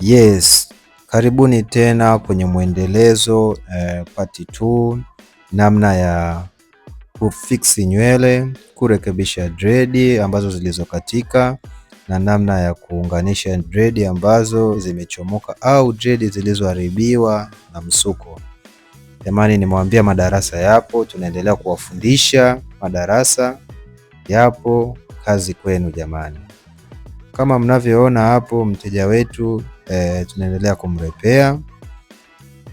Yes, karibuni tena kwenye mwendelezo eh, part 2 namna ya kufiksi nywele, kurekebisha dredi ambazo zilizokatika na namna ya kuunganisha dredi ambazo zimechomoka au dredi zilizoharibiwa na msuko. Jamani, nimewambia madarasa yapo, tunaendelea kuwafundisha madarasa yapo, kazi kwenu jamani. Kama mnavyoona hapo, mteja wetu e, tunaendelea kumrepea,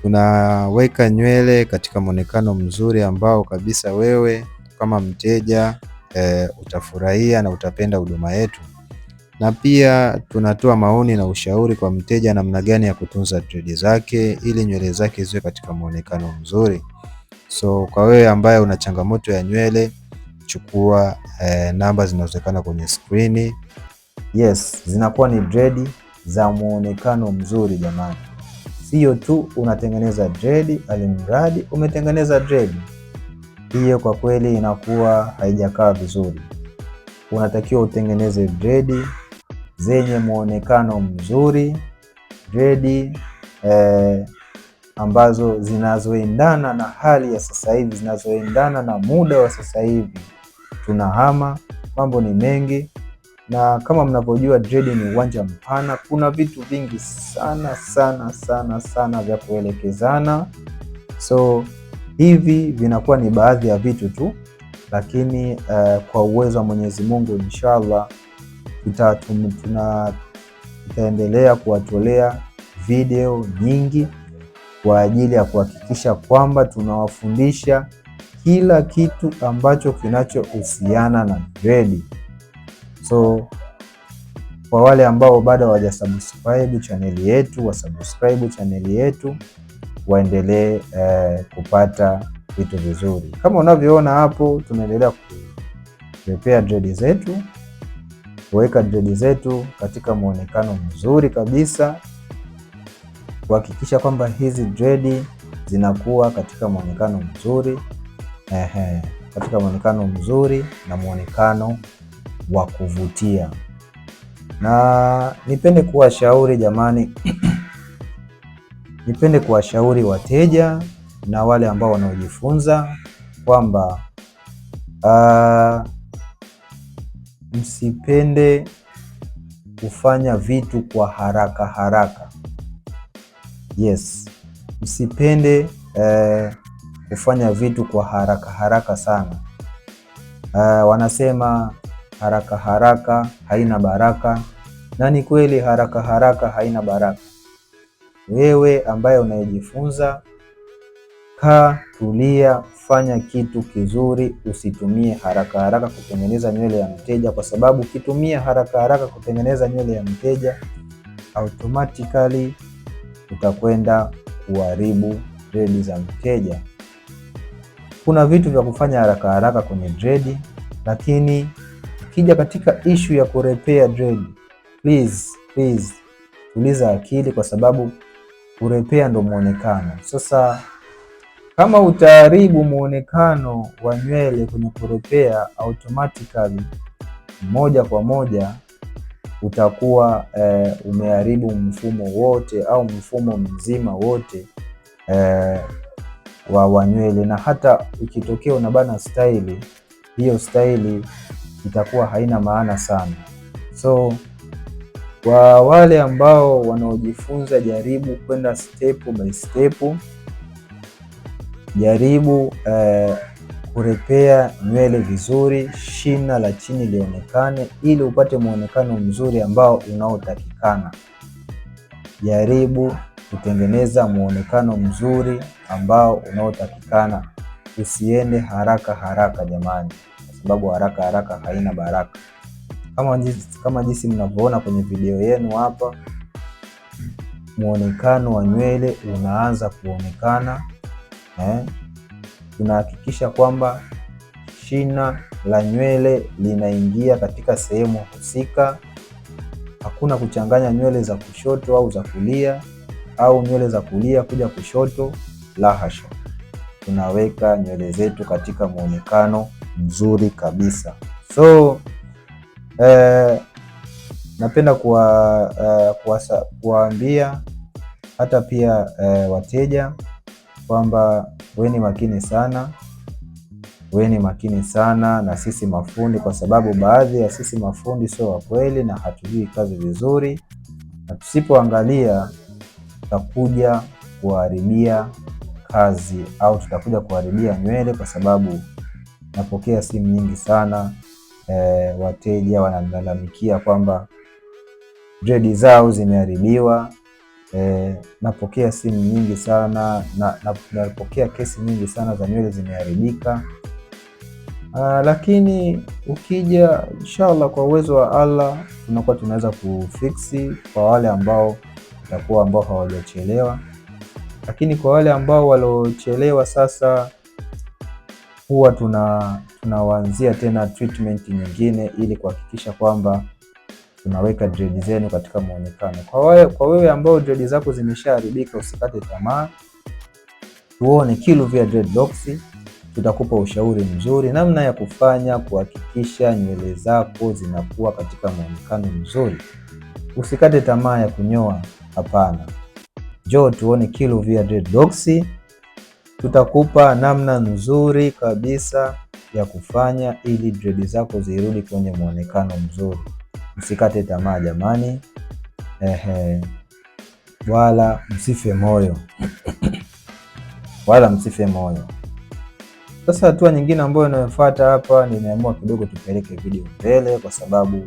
tunaweka nywele katika mwonekano mzuri ambao kabisa wewe kama mteja e, utafurahia na utapenda huduma yetu, na pia tunatoa maoni na ushauri kwa mteja namna gani ya kutunza dredi zake ili nywele zake ziwe katika mwonekano mzuri. So kwa wewe ambaye una changamoto ya nywele chukua eh, namba zinazoonekana kwenye skrini. Yes, zinakuwa ni dredi za muonekano mzuri jamani, sio tu unatengeneza dread, alimradi umetengeneza dread hiyo, kwa kweli inakuwa haijakaa vizuri. Unatakiwa utengeneze dread zenye muonekano mzuri, dread eh, ambazo zinazoendana na hali ya sasa hivi, zinazoendana na muda wa sasa hivi. Tunahama, mambo ni mengi na kama mnavyojua dredi ni uwanja mpana, kuna vitu vingi sana sana sana sana vya kuelekezana. So hivi vinakuwa ni baadhi ya vitu tu, lakini uh, kwa uwezo wa Mwenyezi Mungu inshallah tutaendelea kuwatolea video nyingi kwa ajili ya kuhakikisha kwamba tunawafundisha kila kitu ambacho kinachohusiana na dredi. So kwa wale ambao bado hawajasubscribe chaneli yetu, wasubscribe chaneli yetu waendelee eh, kupata vitu vizuri. Kama unavyoona hapo, tunaendelea kupepea dredi zetu, kuweka dredi zetu katika muonekano mzuri kabisa, kuhakikisha kwamba hizi dredi zinakuwa katika muonekano mzuri ehe, katika muonekano mzuri na muonekano wa kuvutia, na nipende kuwashauri jamani, nipende kuwashauri wateja na wale ambao wanaojifunza kwamba uh, msipende kufanya vitu kwa haraka haraka. Yes, msipende uh, kufanya vitu kwa haraka haraka sana. Uh, wanasema haraka haraka haina baraka, na ni kweli haraka haraka haina baraka. Wewe ambaye unayejifunza, kaa, tulia, fanya kitu kizuri, usitumie haraka haraka kutengeneza nywele ya mteja, kwa sababu ukitumia haraka haraka kutengeneza nywele ya mteja automatically utakwenda kuharibu dredi za mteja. Kuna vitu vya kufanya haraka haraka kwenye dredi, lakini tukija katika ishu ya kurepea dread, please please tuliza akili, kwa sababu kurepea ndo muonekano. Sasa kama utaharibu muonekano wa nywele kwenye kurepea automatically moja kwa moja utakuwa e, umeharibu mfumo wote au mfumo mzima wote e, wa wanywele na hata ikitokea unabana staili hiyo staili itakuwa haina maana sana. So kwa wale ambao wanaojifunza, jaribu kwenda step by step, jaribu eh, kurepea nywele vizuri, shina la chini lionekane, ili upate mwonekano mzuri ambao unaotakikana. Jaribu kutengeneza mwonekano mzuri ambao unaotakikana, usiende haraka haraka jamani sababu haraka haraka haina baraka. Kama jinsi, kama jinsi mnavyoona kwenye video yenu hapa, muonekano wa nywele unaanza kuonekana eh. Tunahakikisha kwamba shina la nywele linaingia katika sehemu husika. Hakuna kuchanganya nywele za kushoto au za kulia au nywele za kulia kuja kushoto, la hasha. Tunaweka nywele zetu katika muonekano mzuri kabisa. So eh, napenda kuwa, eh, kuwaambia hata pia eh, wateja kwamba weni makini sana, weni makini sana na sisi mafundi, kwa sababu baadhi ya sisi mafundi sio wa kweli na hatujui kazi vizuri, na tusipoangalia tutakuja kuharibia kazi au tutakuja kuharibia nywele kwa sababu napokea simu nyingi sana e, wateja wanalalamikia kwamba dredi zao zimeharibiwa. E, napokea simu nyingi sana na, na, napokea kesi nyingi sana za nywele zimeharibika. Aa, ah, lakini ukija inshallah kwa uwezo wa Allah tunakuwa tunaweza kufiksi kwa wale ambao utakuwa ambao hawajachelewa, lakini kwa wale ambao waliochelewa sasa huwa tuna tunawaanzia tena treatment nyingine ili kuhakikisha kwamba tunaweka dread zenu katika muonekano. Kwa wewe, kwa wewe ambao dread zako zimeshaharibika usikate tamaa, tuone Kiluvia Dreadlocks, tutakupa ushauri mzuri namna ya kufanya kuhakikisha nywele zako zinakuwa katika muonekano mzuri. Usikate tamaa ya kunyoa, hapana. Njoo tuone Kiluvia Dreadlocks tutakupa namna nzuri kabisa ya kufanya ili dread zako zirudi kwenye muonekano mzuri. Msikate tamaa jamani, ehe, wala msife moyo wala msife moyo. Sasa hatua nyingine ambayo inayofuata hapa, nimeamua kidogo tupeleke video mbele, kwa sababu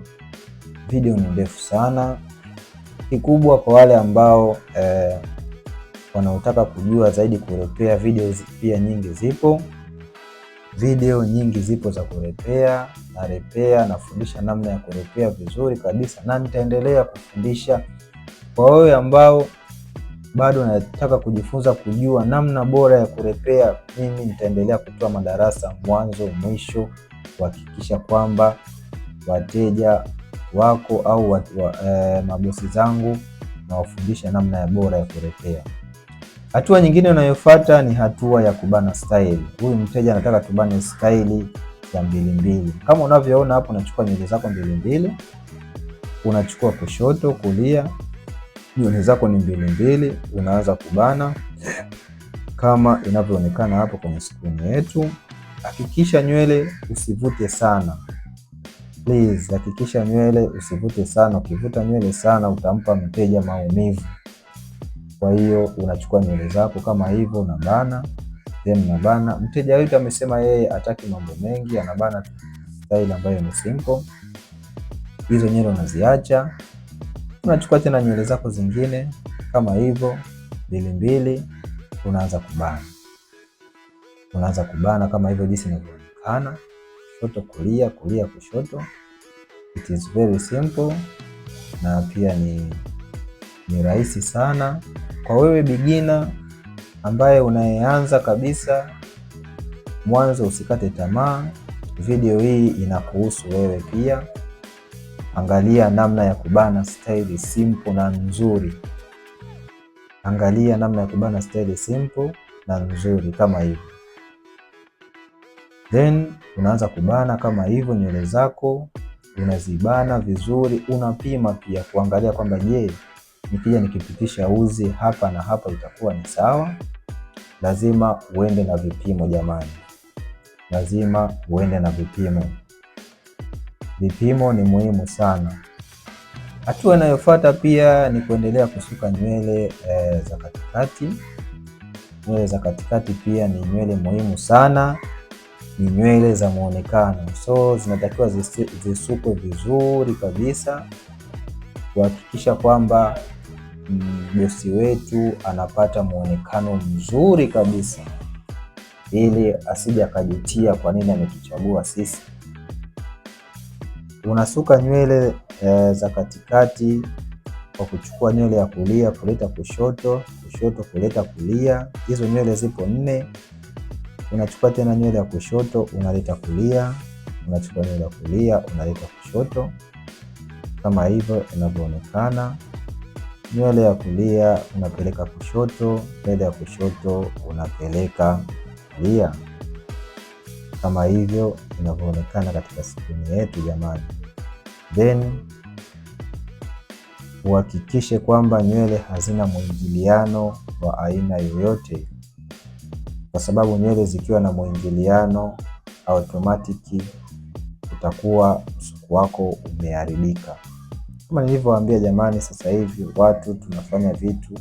video ni ndefu sana. Kikubwa kwa wale ambao eh, wanaotaka kujua zaidi kurepea, videos pia nyingi zipo, video nyingi zipo za kurepea na repea, nafundisha namna ya kurepea vizuri kabisa, na nitaendelea kufundisha kwa wewe ambao bado nataka kujifunza kujua namna bora ya kurepea. Mimi nitaendelea kutoa madarasa mwanzo mwisho, kuhakikisha kwamba wateja wako au wa, wa, e, mabosi zangu nawafundisha namna ya bora ya kurepea. Hatua nyingine unayofuata ni hatua ya kubana style. Huyu mteja anataka tubane style ya mbili mbili. Kama unavyoona hapo, unachukua nywele zako mbili mbili, unachukua kushoto, kulia, nywele zako ni mbili mbili, unaanza kubana kama inavyoonekana hapo kwenye skrini yetu. Hakikisha nywele usivute sana please, hakikisha nywele usivute sana. Ukivuta nywele sana, utampa mteja maumivu. Kwa hiyo unachukua nywele zako kama hivyo bana, then bana. Mteja wetu amesema yeye ataki mambo mengi, anabana style ambayo ni simple. Hizo nywele unaziacha, unachukua tena nywele zako zingine kama hivyo mbili mbili, unaanza kubana, unaanza kubana kama hivyo jinsi inavyoonekana, kushoto kulia, kulia kushoto. It is very simple na pia ni, ni rahisi sana. Kwa wewe bigina ambaye unayeanza kabisa, mwanzo usikate tamaa. Video hii inakuhusu wewe pia. Angalia namna ya kubana staili simple na nzuri. Angalia namna ya kubana staili simple na nzuri kama hivyo, then unaanza kubana kama hivyo. Nywele zako unazibana vizuri, unapima pia kuangalia kwamba je nikija nikipitisha uzi hapa na hapa itakuwa ni sawa. Lazima uende na vipimo jamani, lazima uende na vipimo. Vipimo ni muhimu sana. Hatua inayofuata pia ni kuendelea kusuka nywele e, za katikati. Nywele za katikati pia ni nywele muhimu sana, ni nywele za muonekano, so zinatakiwa zisukwe vizuri kabisa kuhakikisha kwamba mgosi wetu anapata muonekano mzuri kabisa, ili asije akajutia kwa nini ametuchagua sisi. Unasuka nywele e, za katikati kwa kuchukua nywele ya kulia kuleta kushoto, kushoto kuleta kulia. Hizo nywele zipo nne. Unachukua tena nywele ya kushoto unaleta kulia, unachukua nywele ya kulia unaleta kushoto, kama hivyo inavyoonekana nywele ya kulia unapeleka kushoto, nywele ya kushoto unapeleka kulia, kama hivyo inavyoonekana katika skrini yetu jamani. Then uhakikishe kwamba nywele hazina mwingiliano wa aina yoyote, kwa sababu nywele zikiwa na mwingiliano automatiki utakuwa usuku wako umeharibika. Kama nilivyowaambia jamani, sasa hivi watu tunafanya vitu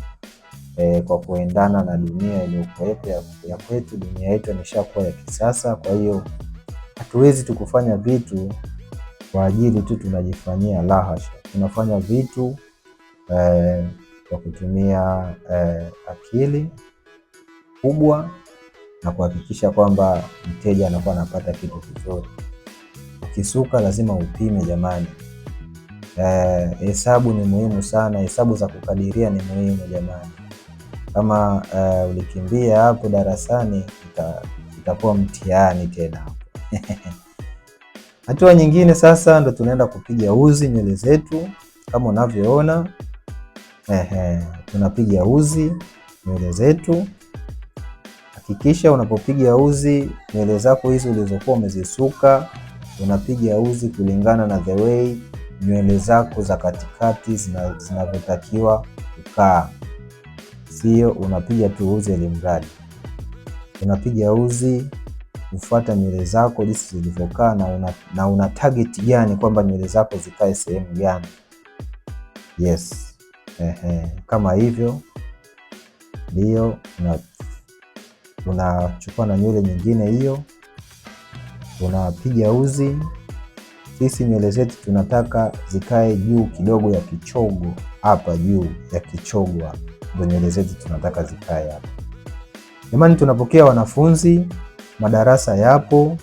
eh, kwa kuendana na dunia iliyokuwepo ya kwetu. Dunia yetu imeshakuwa ya kisasa, kwa hiyo hatuwezi tukufanya vitu kwa ajili tu tunajifanyia, lahasha. Tunafanya vitu eh, kwa kutumia eh, akili kubwa na kuhakikisha kwamba mteja anakuwa anapata kitu kizuri. Ukisuka lazima upime jamani. Eh, hesabu eh, ni muhimu sana. Hesabu za kukadiria ni muhimu jamani. Kama eh, ulikimbia hapo darasani itakuwa ita mtihani tena hatua nyingine sasa ndo tunaenda kupiga uzi nywele zetu kama unavyoona eh, eh, tunapiga uzi nywele zetu. Hakikisha unapopiga uzi nywele zako hizi ulizokuwa umezisuka unapiga uzi kulingana na the way nywele zako za katikati zinavyotakiwa kukaa, sio unapiga tu uzi elimradi. Unapiga uzi kufuata nywele zako jinsi zilivyokaa, na una, na una target gani kwamba nywele zako zikae sehemu gani. Yes, ehe, kama hivyo ndio unachukua una na nywele nyingine hiyo unapiga uzi sisi nywele zetu tunataka zikae juu kidogo ya kichogo hapa, juu ya kichogwa, ndo nywele zetu tunataka zikae hapa. Jamani, tunapokea wanafunzi, madarasa yapo,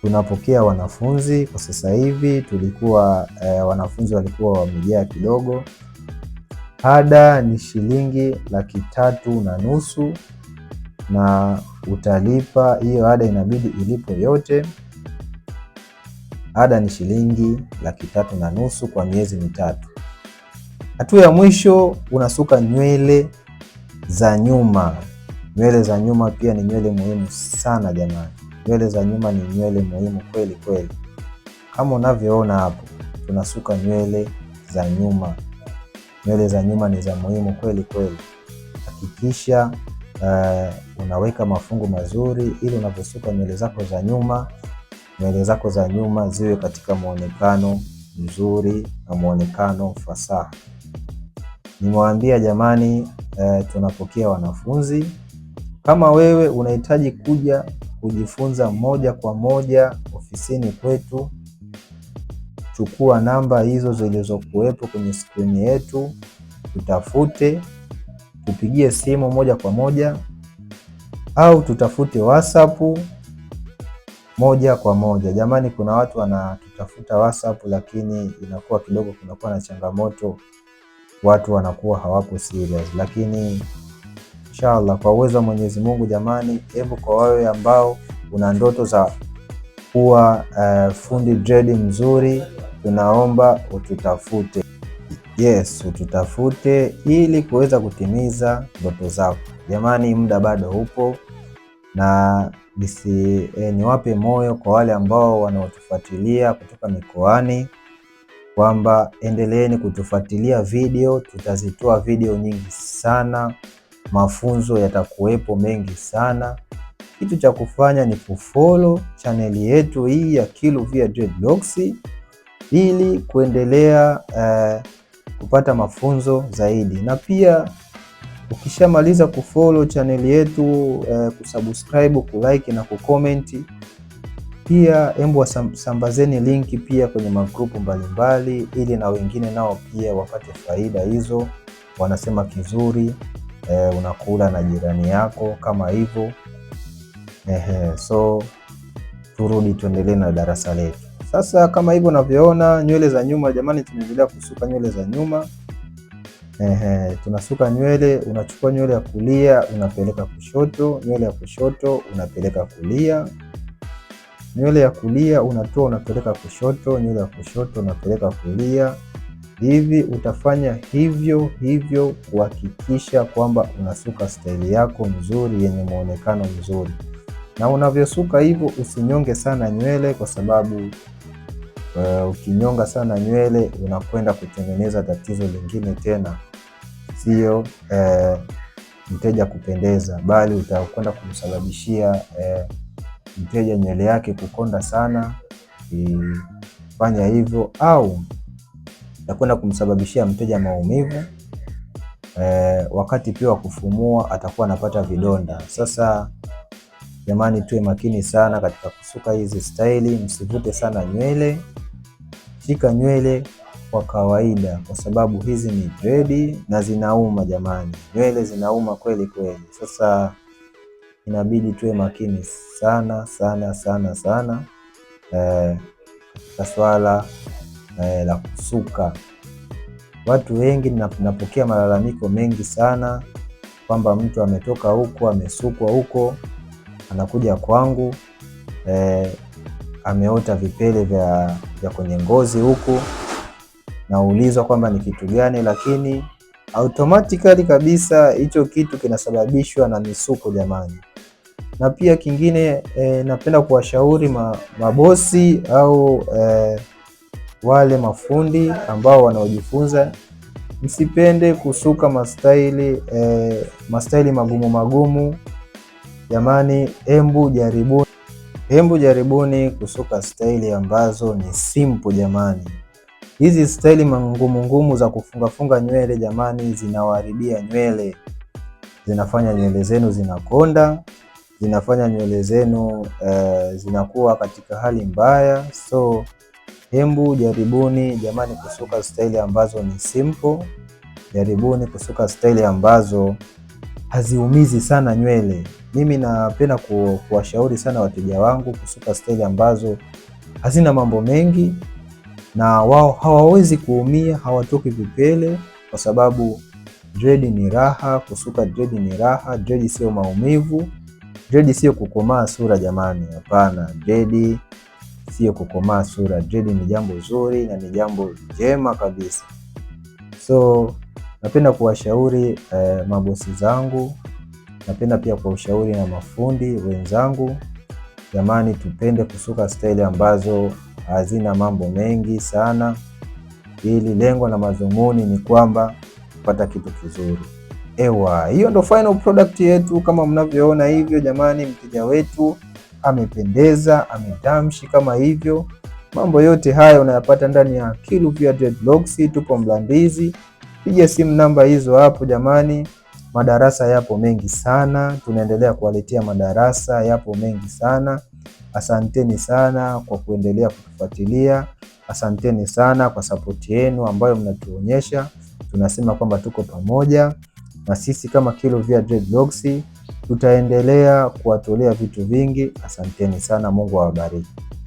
tunapokea wanafunzi kwa sasa hivi. Tulikuwa eh, wanafunzi walikuwa wamejaa kidogo. Ada ni shilingi laki tatu na nusu na utalipa hiyo ada, inabidi ilipo yote. Ada ni shilingi laki tatu na nusu kwa miezi mitatu. Hatua ya mwisho unasuka nywele za nyuma. Nywele za nyuma pia ni nywele muhimu sana jamani, nywele za nyuma ni nywele muhimu kweli kweli. Kama unavyoona hapo, tunasuka nywele za nyuma. Nywele za nyuma ni za muhimu kweli kweli. Hakikisha uh, unaweka mafungu mazuri ili unaposuka nywele zako za nyuma nywele zako za nyuma ziwe katika muonekano mzuri na muonekano fasaha. Nimewaambia jamani, e, tunapokea wanafunzi. Kama wewe unahitaji kuja kujifunza moja kwa moja ofisini kwetu, chukua namba hizo zilizokuwepo kwenye skrini yetu, tutafute, tupigie simu moja kwa moja au tutafute WhatsApp moja kwa moja. Jamani, kuna watu wanatutafuta WhatsApp, lakini inakuwa kidogo kunakuwa na changamoto, watu wanakuwa hawapo serious, lakini inshallah kwa uwezo wa Mwenyezi Mungu, jamani, hebu kwa wewe ambao una ndoto za kuwa uh, fundi dredi mzuri, tunaomba ututafute. Yes, ututafute ili kuweza kutimiza ndoto zako. Jamani, muda bado upo na Bisi, eh, niwape moyo kwa wale ambao wanaotufuatilia kutoka mikoani kwamba endeleeni kutufuatilia video, tutazitoa video nyingi sana, mafunzo yatakuwepo mengi sana. Kitu cha kufanya ni kufollow chaneli yetu hii ya Via Dreadlocks ili kuendelea eh, kupata mafunzo zaidi na pia Ukishamaliza kufollow channel yetu eh, kusubscribe, kulike na kucomment. Pia hebu wasambazeni linki pia kwenye magrupu mbalimbali, ili na wengine nao pia wapate faida hizo. Wanasema kizuri eh, unakula na jirani yako kama hivyo eh, so turudi tuendelee na darasa letu sasa. Kama hivyo unavyoona nywele za nyuma, jamani, tunaendelea kusuka nywele za nyuma. Ehe, tunasuka nywele, unachukua nywele ya kulia unapeleka kushoto, nywele ya kushoto unapeleka kulia, nywele ya kulia unatoa unapeleka kushoto, nywele ya kushoto unapeleka kulia. Hivi utafanya hivyo hivyo kuhakikisha kwamba unasuka staili yako nzuri yenye muonekano mzuri. Na unavyosuka hivyo, usinyonge sana nywele kwa sababu uh, ukinyonga sana nywele unakwenda kutengeneza tatizo lingine tena sio eh, mteja kupendeza, bali utakwenda kumsababishia eh, mteja nywele yake kukonda sana. Ukifanya hivyo au utakwenda kumsababishia mteja maumivu eh, wakati pia wa kufumua atakuwa anapata vidonda. Sasa jamani, tuwe makini sana katika kusuka hizi staili, msivute sana nywele, shika nywele kwa kawaida, kwa sababu hizi ni dredi na zinauma jamani, nywele zinauma kweli kweli. Sasa inabidi tuwe makini sana sana sana sana eh, katika eh, swala eh, la kusuka. Watu wengi napokea malalamiko mengi sana kwamba mtu ametoka huko amesukwa huko anakuja kwangu eh, ameota vipele vya, vya kwenye ngozi huku naulizwa kwamba ni kitu gani, lakini automatically kabisa hicho kitu kinasababishwa na misuko jamani. Na pia kingine e, napenda kuwashauri ma, mabosi au e, wale mafundi ambao wanaojifunza msipende kusuka mastaili e, mastaili magumu magumu jamani, embu jaribuni, embu jaribuni kusuka staili ambazo ni simple jamani. Hizi staili ngumu ngumu za kufungafunga nywele jamani, zinawaharibia nywele, zinafanya nywele zenu zinakonda, zinafanya nywele zenu uh, zinakuwa katika hali mbaya. So hembu jaribuni jamani kusuka staili ambazo ni simple, jaribuni kusuka staili ambazo haziumizi sana nywele. Mimi napenda kuwashauri sana wateja wangu kusuka staili ambazo hazina mambo mengi na wao hawawezi kuumia, hawatoki vipele, kwa sababu dread ni raha, kusuka dread ni raha. Dread sio maumivu, dread sio kukomaa sura. Jamani, hapana, dread sio kukomaa sura. Dread ni jambo zuri na ni jambo jema kabisa. So napenda kuwashauri eh, mabosi zangu, napenda pia kuwashauri na mafundi wenzangu, jamani, tupende kusuka staili ambazo hazina mambo mengi sana, ili lengo na madhumuni ni kwamba kupata kitu kizuri. Ewa, hiyo ndo final product yetu kama mnavyoona hivyo. Jamani, mteja wetu amependeza, ametamshi kama hivyo. Mambo yote haya unayapata ndani ya Kiluvia Dreadlocks, tupo Mlandizi. Piga simu namba hizo hapo jamani. Madarasa yapo mengi sana, tunaendelea kuwaletea madarasa yapo mengi sana. Asanteni sana kwa kuendelea kutufuatilia, asanteni sana kwa sapoti yenu ambayo mnatuonyesha. Tunasema kwamba tuko pamoja na sisi kama Kiluvia Dreadlocks tutaendelea kuwatolea vitu vingi. Asanteni sana, Mungu awabariki.